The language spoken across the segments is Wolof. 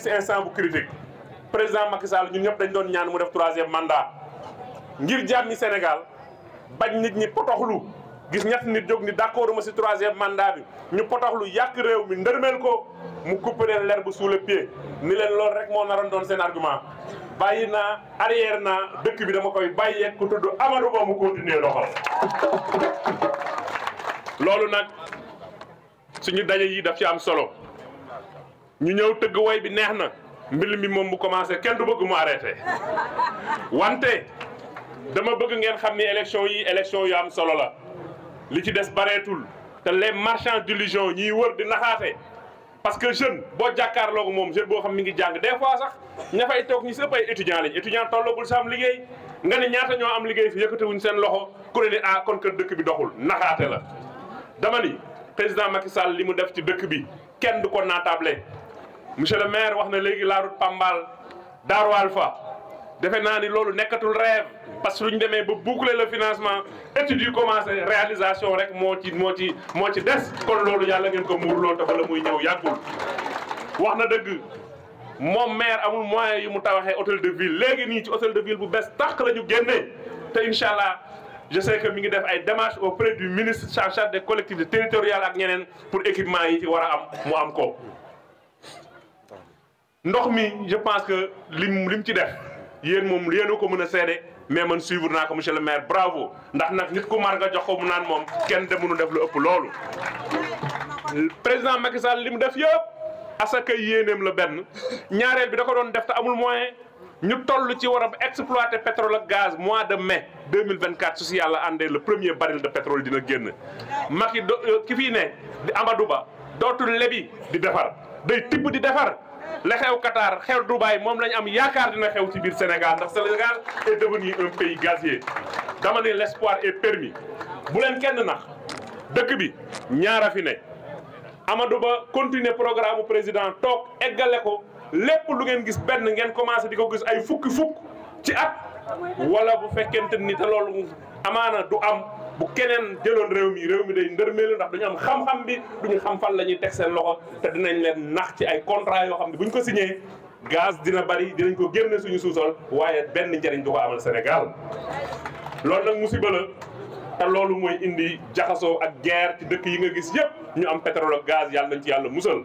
nekk si instant bu critique président Macky Sall ñun ñëpp dañ doon ñaan mu def troisième mandat ngir jàmmi Sénégal bañ nit ñi potoxlu gis ñett nit jóg ni d'accord ma si troisième mandat bi ñu potoxlu yàq réew mi ndërmeel ko mu couper leen l'herbe sous le pied ni leen loolu rek moo na doon seen argument bàyyi naa arrière na dëkk bi dama koy bàyyi ku tudd Amadou Ba mu continuer doxal loolu nag suñu daje yi daf ci am solo ñu ñëw tëgg woy bi neex na mbilim mi moom bu commencé kenn du bëgg mu arrêté wante dama bëgg ngeen xam ni élection yi élection yu am solo la li ci des bareetul te les marchands d'illusion ñiy wër di naxaate parce que jeune boo jàkkaarloogu moom jeune boo xam mi ngi jàng des fois sax ña fay toog ñi sëpp ay étudiant lañ tolloogul sa am liggéey nga ne ñaata ñoo am liggéey fi yëkkatewuñ seen loxo ku ne ni ah, kon kër dëkk bi doxul naxaate la dama ni président Macky Sall li mu def ci dëkk bi kenn du ko naatable monsieur le maire wax na léegi la pambaal Pambal Darou Alpha defe naa ni loolu nekkatul rêve parce que lu ñu demee ba boucler le financement étude yu commencé réalisation rek moo ci moo ci moo ci des kon loolu yàlla ngeen ko muurloo te bala muy ñëw yàggul wax na dëgg moom maire amul moyen yi mu tawaxee hôtel de ville léegi nii ci hôtel de ville bu bees tàq la ñu génnee te incha allah je sais mi ngi def ay démarches auprès du ministre chargé des collectivités territoriales ak ñeneen pour équipement yi ci war a am mu am ko ndox mi je pense que lim lim ci def yéen moom yéen a ko mën a seede mais man suivre naa ko monsieur le maire bravo ndax nag nit ku mar nga jox ko mu naan moom kenn de mënu def lu ëpp loolu. président Macky Sall li mu def yëpp asaka yéeneem la benn ñaareel bi da ko doon def te amul moyen ñu toll ci war a exploiter pétrole ak gaz mois de mai 2024 su si yàlla àndee le premier baril de pétrole dina génn Macky do euh, ki fii ne di Amadou Ba dootul lebi di defar day tibb di defar. la xew Qatar xew Dubaï moom lañ am yaakaar dina xew ci biir Sénégal ndax Sénégal est devenu un pays gazier dama ne l'espoir est permis bu leen kenn nax dëkk bi ñaara fi ne Amadou Ba continuer programme président toog eggale ko lépp lu ngeen gis benn ngeen commencé di ko gis ay fukki fukk ci at wala bu fekkente ni te loolu amaana du am bu keneen jëloon réew mi réew mi day ndërmeelu ndax duñu am xam-xam bi duñu xam fan la ñuy teg seen loxo te dinañ leen nax ci ay contrat yoo xam ne bu buñ ko signé gaz dina bari dinañ ko génne suñu suusal waaye benn njëriñ du ko amal Sénégal loolu nag musiba la te loolu mooy indi jaxasoo ak guerre ci dëkk yi nga gis yëpp ñu am pétrole gaz yàlla nañ ci yàlla musal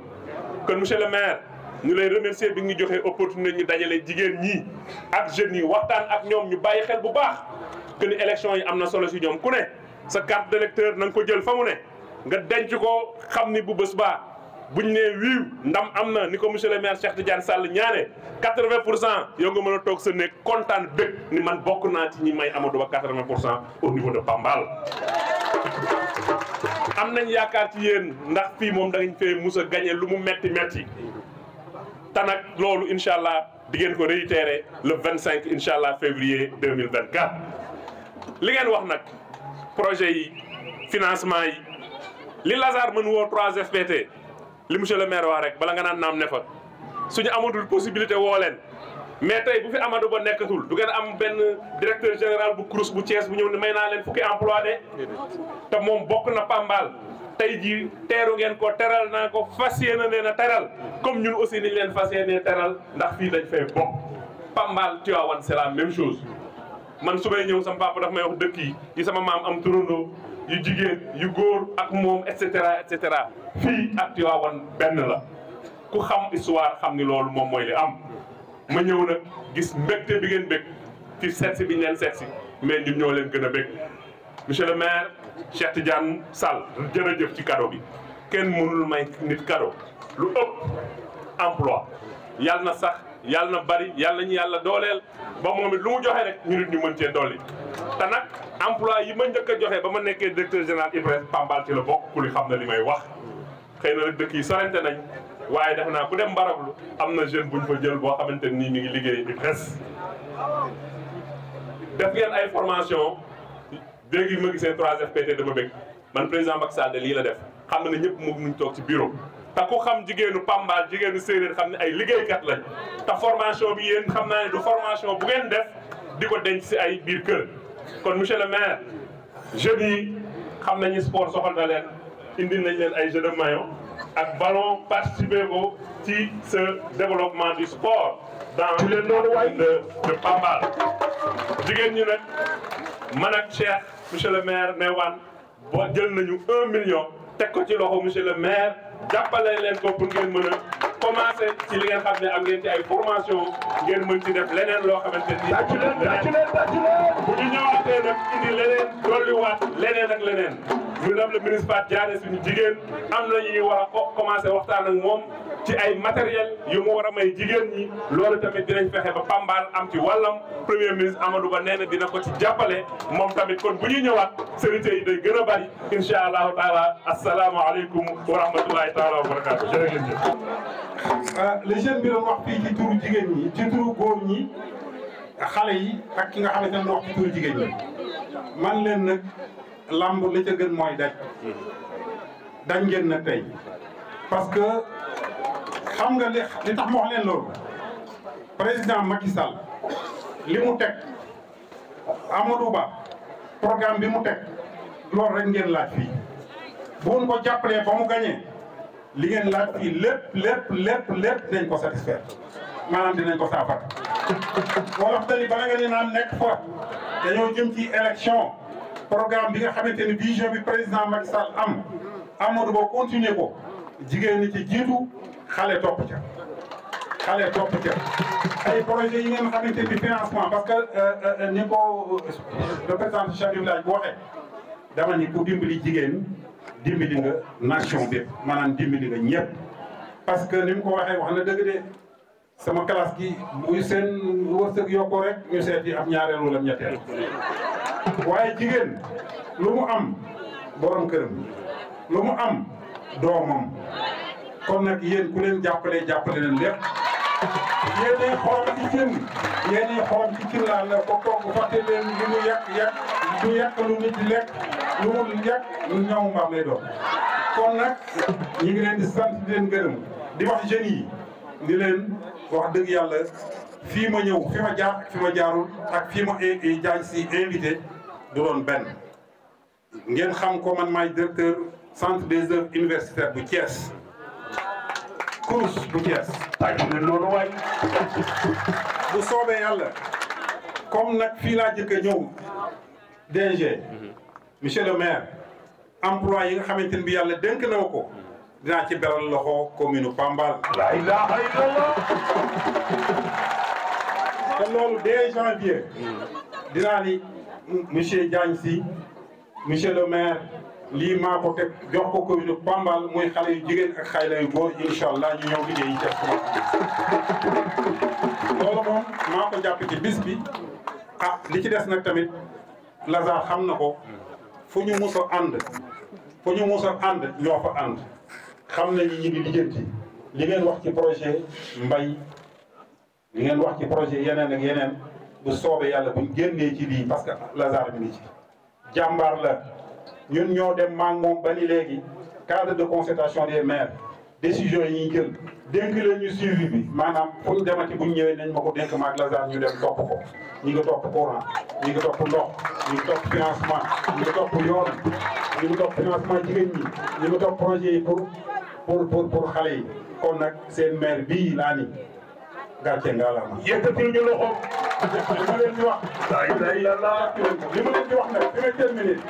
kon monsieur le maire ñu lay remercier bi ñu joxee opportunité ñu dajale jigéen ñi ak jeunes yi waxtaan ak ñoom ñu bàyyi xel bu baax que ni yi am na solo si ñoom ku ne sa carte d'électeur na ko jël fa ne nga denc ko xam ni bu bës baa buñ nee wiiw ndam am na ni ko monsieur le maire Cheikh Tidiane Sall ñaane quatre-vingt cent yow nga mën a toog sa néeg kontaan bég ni man bokk naa ci ñi may Amadou Ba quatre-vingt pour cent au niveau de Pambal am nañ yaakaar ci yéen ndax fii moom da ngañ fee mus a lu mu metti metti te nag loolu incha allah di ngeen ko réitérer le vingt cinq incha allah février deux mille vingt quatre li ngeen wax nag projet yi financement yi li Lazare mën woo 3FPT li monsieur le maire waa rek bala nga naan naam ne fa suñu amatul possibilité woo leen mais tey bu fi Amadou Ba nekkatul du ngeen am benn directeur général bu CROUS bu cees bu ñëw ne may naa leen fukki emploi de te moom bokk na Pambal tey jii teeru ngeen ko teral naa ko fas yéene nee na teral comme ñun aussi niñ leen fas yéene teral ndax fii dañ fay bokk Pambal Tivaouane c'est la même chose man su may ñëw sama papa daf may wax dëkk yi yi sama maam am turandoo yu jigéen yu góor ak moom et cetera et cetera fii ak Tiwaawan benn la ku xam histoire xam ni loolu moom mooy li am. ma ñëw nag gis mbégte bi ngeen bég ci seetsi bi ñu leen seetsi mais ñun ñoo leen gën a bég monsieur le maire Cheikh Tidiane Sall jërëjëf ci cadeau bi kenn mënul may nit cadeau lu ëpp emploi yàlla na sax. yàlla na bari yàlla ñu yàlla dooleel ba moom it lu mu joxe rek ñu nit ñu mën cee dolli. te nag emploi yi ma njëkk joxe ba ma nekkee directeur général IPRES Pambal ci la bokk ku li xam na li may wax xëy na nag dëkk yi sorante nañ waaye def naa ku dem mbarablu am na jeune buñ fa jël boo xamante nii mi ngi liggéey IPRES def ngeen ay formation léegi ma gisee 3FPT dama bëgg man président Macky Sall de lii la def xam na ne ñëpp mu ngi toog ci bureau te ku xam jigéenu Pambal jigéenu séeréer xam ne ay liggéeykat lañ te formation bi yéen xam naa ne du formation bu ngeen def di ko denc si ay biir kër kon monsieur le maire jeunes yi xam nañu sport soxal na leen indi nañ leen ay jeu de ak ballon participer ko ci ce développement du sport dans le domaine de de Pambal jigéen ñi nag man ak Cheikh monsieur le maire wan boo jël nañu un million teg ko ci loxo monsieur le maire jàppale leen ko pour ngeen mën a commencé ci li ngeen xam ne am ngeen ci ay formation ngeen mën ci def leneen loo xamante ni. tàcc leen tàcc leen tàcc leen bu ñu ñëwaatee nag indi leneen dolliwaat leneen ak leneen. madame le ministre Fatou Diané suñu jigéen am na ñuy war a commencé waxtaan ak moom. ci ay matériel yu mu war a may jigéen ñi loolu tamit dinañ fexe ba Pambal am ci wàllam premier ministre Amadou Ba nee na dina ko ci jàppale moom tamit kon bu ñu ñëwaat serité yi day gën a bari incha allahu taala asalaamaaleykum wa rahmatullahi taala wa barakaatu jërëjëf. Euh, le jeune bi wax fii ci turu jigéen ñi ci turu góor ñi xale yi ak ki nga xamante ne wax ci turu jigéen ñi man leen nag lamb li ca gën mooy daj mm-hmm. dañ ngeen tey xam nga li li tax ma leen loolu président Macky li mu teg Amadou Ba programme bi mu teg loolu rek ngeen laaj fii bu ngeen ko jàppalee ba mu gañee li ngeen laaj fii lépp lépp lépp lépp dinañ ko satisfaire maanaam dinañ ko saafara wolof tali bala nga ne naan nekk fa dañoo jëm ci élection programme bi nga xamante ni vision bi président Macky Sall am Amadou Ba continue ko jigéen ci jiitu xale topp ca xale topp ca ay projet yi ngeen xamante ni financement parce que euh, euh, ni ko euh, le président chef du village bu waxee dama ni ku dimbali jigéen dimbali nga nation bépp maanaam dimbali nga ñëpp parce que ni mu ko waxee wax na dëgg de sama classe gi bu seen wërsëg yokkoo rek ñu seeti am ñaareel wala ñetteel waaye jigéen lu mu am borom këram lu mu am doomam kon nag yéen ku leen jàppale jàppale leen lépp yéenay xool ci cin yéenay xool ci cin la ko kooku fàtte leen li mu yàq yàq lu yàq lu nit lekk lu mu yàq lu ñaw mbaam lay doon. kon nag ñu ngi leen di sant di leen gërëm di wax jeunes yi di leen wax dëgg yàlla fii ma ñëw fi ma jaar fi ma jaarul ak fii ma jaañ si invité du doon benn. ngeen xam ko man maay directeur centre des œuvres universitaires bu Thiès. course bu Thiès tàggu leen loolu waay bu soobee yàlla comme nag fii laa jëkk a ñëw DG monsieur le maire emploi yi nga xamante ne bi yàlla dénk na ko dinaa ci beral loxo commune Pambal la ilaha illallah te loolu dès janvier dinaa ni monsieur Diagne le maire lii maa ko teg jox ko commune Pambal muy xale yu jigéen ak xale yu góor incha allah ñu ñëw liggéey yi def loolu moom maa jàpp ci bis bi ah li ci des nag tamit Lazare xam na ko fu ñu mus ànd fu ñu mus ànd ñoo fa ànd xam na ñu ngi lijjanti li ngeen wax ci projet mbay li ngeen wax ci projet yeneen ak yeneen bu soobee yàlla buñ génnee ci lii parce que Lazare mi ngi ci jàmbaar la ñun ñoo dem maa moom ba léegi cadre de concertation de maires décision yi ñuy jël dénk leen ñu suivi bi maanaam fu ñu demati bu ñu ñëwee nañ ma ko dénk maag Lazare ñu dem topp ko ñu ngi topp courant ñu ngi topp ndox ñu ngi topp financement ñu ngi topp yoon ñu ngi topp financement jigéen ñi ñu ngi projet yi pour pour pour pour xale yi kon nag seen maire bii laa ni gàcce ngalama yëkkatil ñu loxo li ma leen di wax. la ilaha illallah li ma leen di wax nag fi may terminer.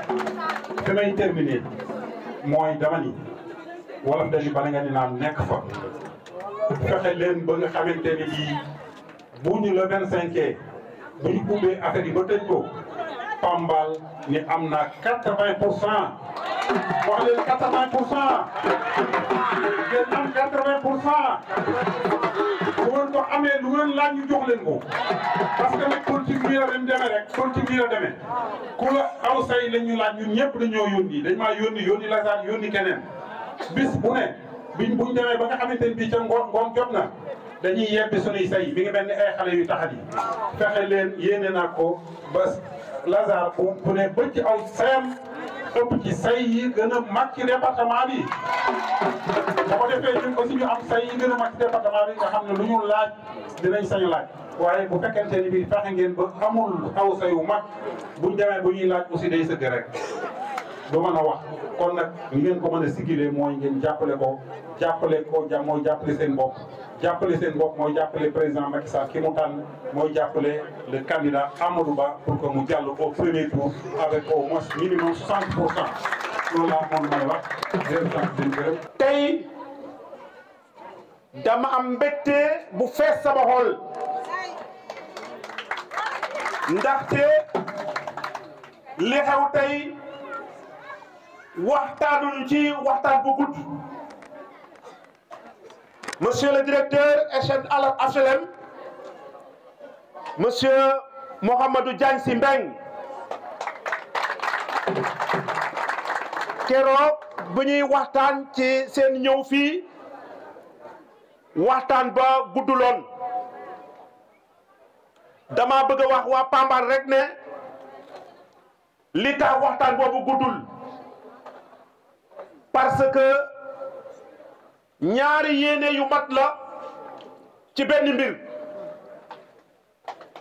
fi may terminer mooy dama ni wolof dañu bala nga ni naan nekk fa. fexe leen ba nga xamante ne bii bu ñu le vingt cinq bu ñu ubbee affaire yi ba tëj ko Pambal ni am na quatre vingt pour cent. wax quatre vingt pour cent. ngeen am quatre vingt pour cent. leen laaj ñu jox leen ko parce que nag politique bi la dem demee rek politique bi la demee ku la aw say lañ ñu laaj ñun ñëpp dañoo yónni dañ maa yónni yónni Lazare yónni keneen bis bu ne biñ buñ demee ba nga xamante ne bii ca ngoon ngoon jot na dañuy yebbi sunuy say mi ngi mel ni ay xale yu taxat yi fexe leen yéene naa ko ba Lazare bu bu ne bëcc aw sayam ëpp ci say yi gën a mag ci département bi bu ko defee ñun aussi ñu am say yi gën a mag ci département bi nga xam ne lu ñu laaj dinañ sañu laaj waaye bu fekkente ni bii fexe ngeen ba amul aw sayu mag buñ demee bu ñuy laaj aussi day sëgg rek du mën a wax kon nag ñu ngeen ko mën a sigilee mooy ngeen jàppale ko jàppale ko mooy jàppale seen bopp jàppale seen bopp mooy jàppale président Macky Sall ki mu mooy jàppale le candidat Amadou Ba pour mu jàll au premier tour avec au moins minimum 60 pour cent tey dama am mbégte bu fees sama xol ndaxte li xew tey waxtaanuñ ci waxtaan bu gudd. Monsieur le directeur SN HLM, Monsieur Mohamedou Diagne Sy Mbengue keroog bu ñuy waxtaan ci seen ñëw fii waxtaan ba gudduloon dama bëgga a wax waa Pambal rek ne li tax waxtaan boobu guddul parce que. ñaari yéene yu mat la ci benn mbir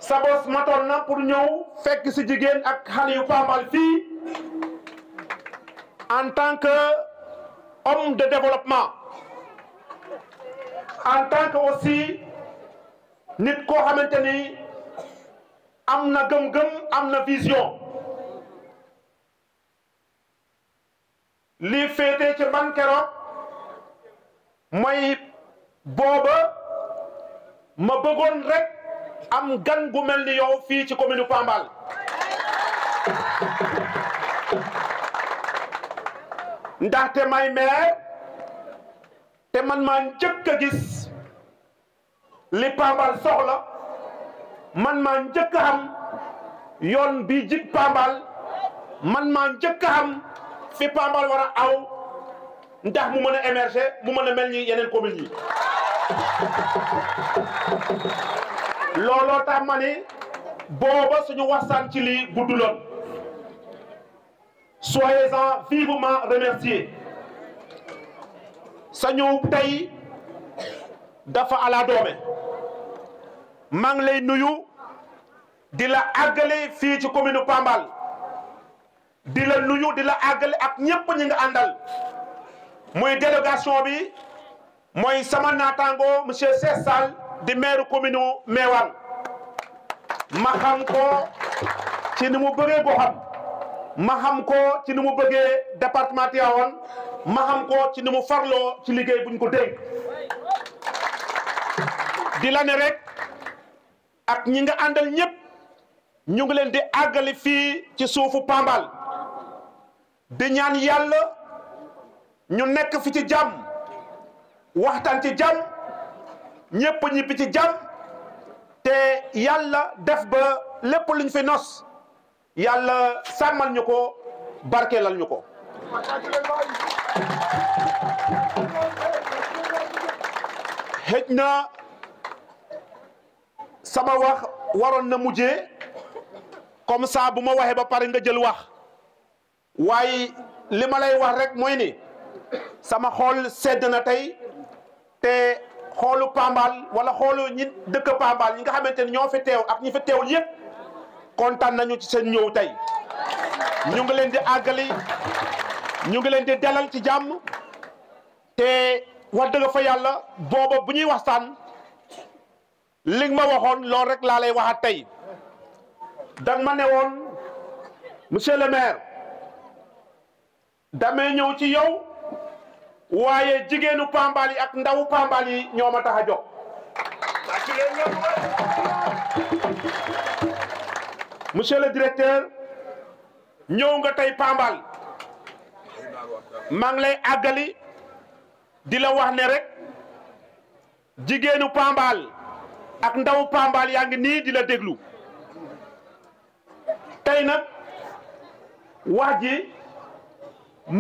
sa matoon na pour ñëw fekk si jigéen ak xale yu Pambal fii en tant que homme de développement en tant que aussi nit koo xamante ni am na gëm-gëm am na vision lii féete ci man keroog mooy booba ma bëggoon rek am gan gu mel ni yow fii ci commune Pambal ndaxte may maire te man maa njëkk a gis li Pambal soxla man maa njëkk a xam yoon bi jig Pambal man maa njëkk a xam fi Pambal war aw ndax mu mën a émerger mu mën a mel ni yeneen communes yi looloo tax ma ni booba suñu waxtaan ci lii gudduloon soyez-en vivement remerciés sa tey dafa ala doome maa ngi lay nuyu di la àggale fii ci commune Pambal di la nuyu di la àggale ak ñëpp ñi nga àndal muy délégation bi mooy sama naataangoo monsieur Cheikh Sall di maire commune Meewal ma xam ko ci ni mu bëggee goxam ma xam ko ci ni mu bëggee département Tivaouane ma xam ko ci nu mu farloo ci liggéey buñ ko dénk di la ne rek ak ñi nga àndal ñëpp ñu ngi leen di àggali fii ci suufu Pambal di ñaan ñu nekk fi ci jàmm waxtaan ci jàmm ñëpp ñibbi ci jàmm te yàlla def ba lépp luñ fi nos yàlla sàmmal ñu ko barkeelal ñu ko. xëj na sama wax waroon na mujje kom ça bu ma waxee ba pare nga jël wax waaye li ma lay wax rek mooy ni. sama xool sedd na tey te xoolu Pambal wala xoolu ñi dëkk Pambal ñi nga xamante ni ñoo fi teew ak ñi fi teewul yëpp kontaan nañu ci seen ñëw tey ñu ngi leen di àggali ñu ngi leen di dalal ci jàmm te wax dëgg fa yàlla booba bu ñuy waxtaan li ma waxoon loolu rek laa lay waxaat tey danga ma ne woon monsieur le maire damay ñëw ci yow. waaye jigéenu Pambal yi ak ndawu Pambal yi ñoo ma tax a jóg monsieur le directeur ñëw nga tey Pambal maa lay àggali di la wax ne rek jigéenu Pambal ak ndawu Pambal yaa ngi nii dila déglu tey nag wax ji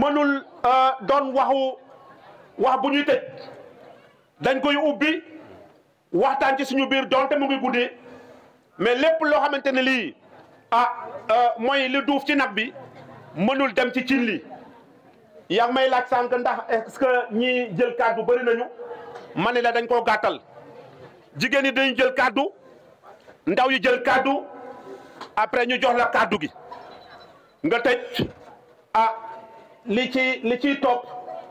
mënul euh, doon waxu wax bu ñuy tëj dañ koy ubbi waxtaan ci suñu biir donte mu ngi guddee mais lépp loo xamante ne lii ah euh, mooy li duuf ci nag bi mënul dem ci cin li yaa may laaj sànq ndax est que ñi jël kàddu bëri nañu ma ne la dañ koo gàttal jigéen ñi dañu jël kàddu ndaw yi jël kaadu après ñu jox la kàddu gi nga tëj ah li ci li ciy topp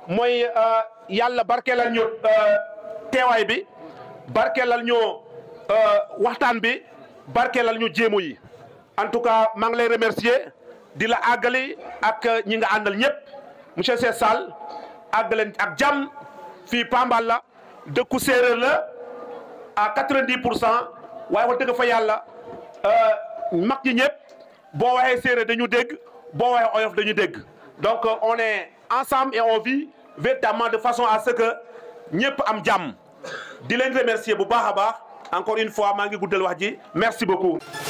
mooy euh, yàlla barke barkeelal ñu euh, teewaay bi barkeelal ñu euh, waxtaan bi barkeelal ñu jéemu yi en tout cas maa ngi lay remercier di la àggali ak euh, ñi nga àndal ñëpp monsieur Seye Sall àggaleen ak jàmm fii Pambal la dëkku séeréer la à quatre-vingt-dix pour cent waaye wax dëgg fa yàlla mag ñi ñëpp boo waxee séeréer dañu dégg boo waxee oyof dañu dégg donc on est ensemble et on véritablement de façon à ce que ñëpp am jàmm di leen remercier bu baax a baax encore une fois maa ngi guddal wax ji merci beaucoup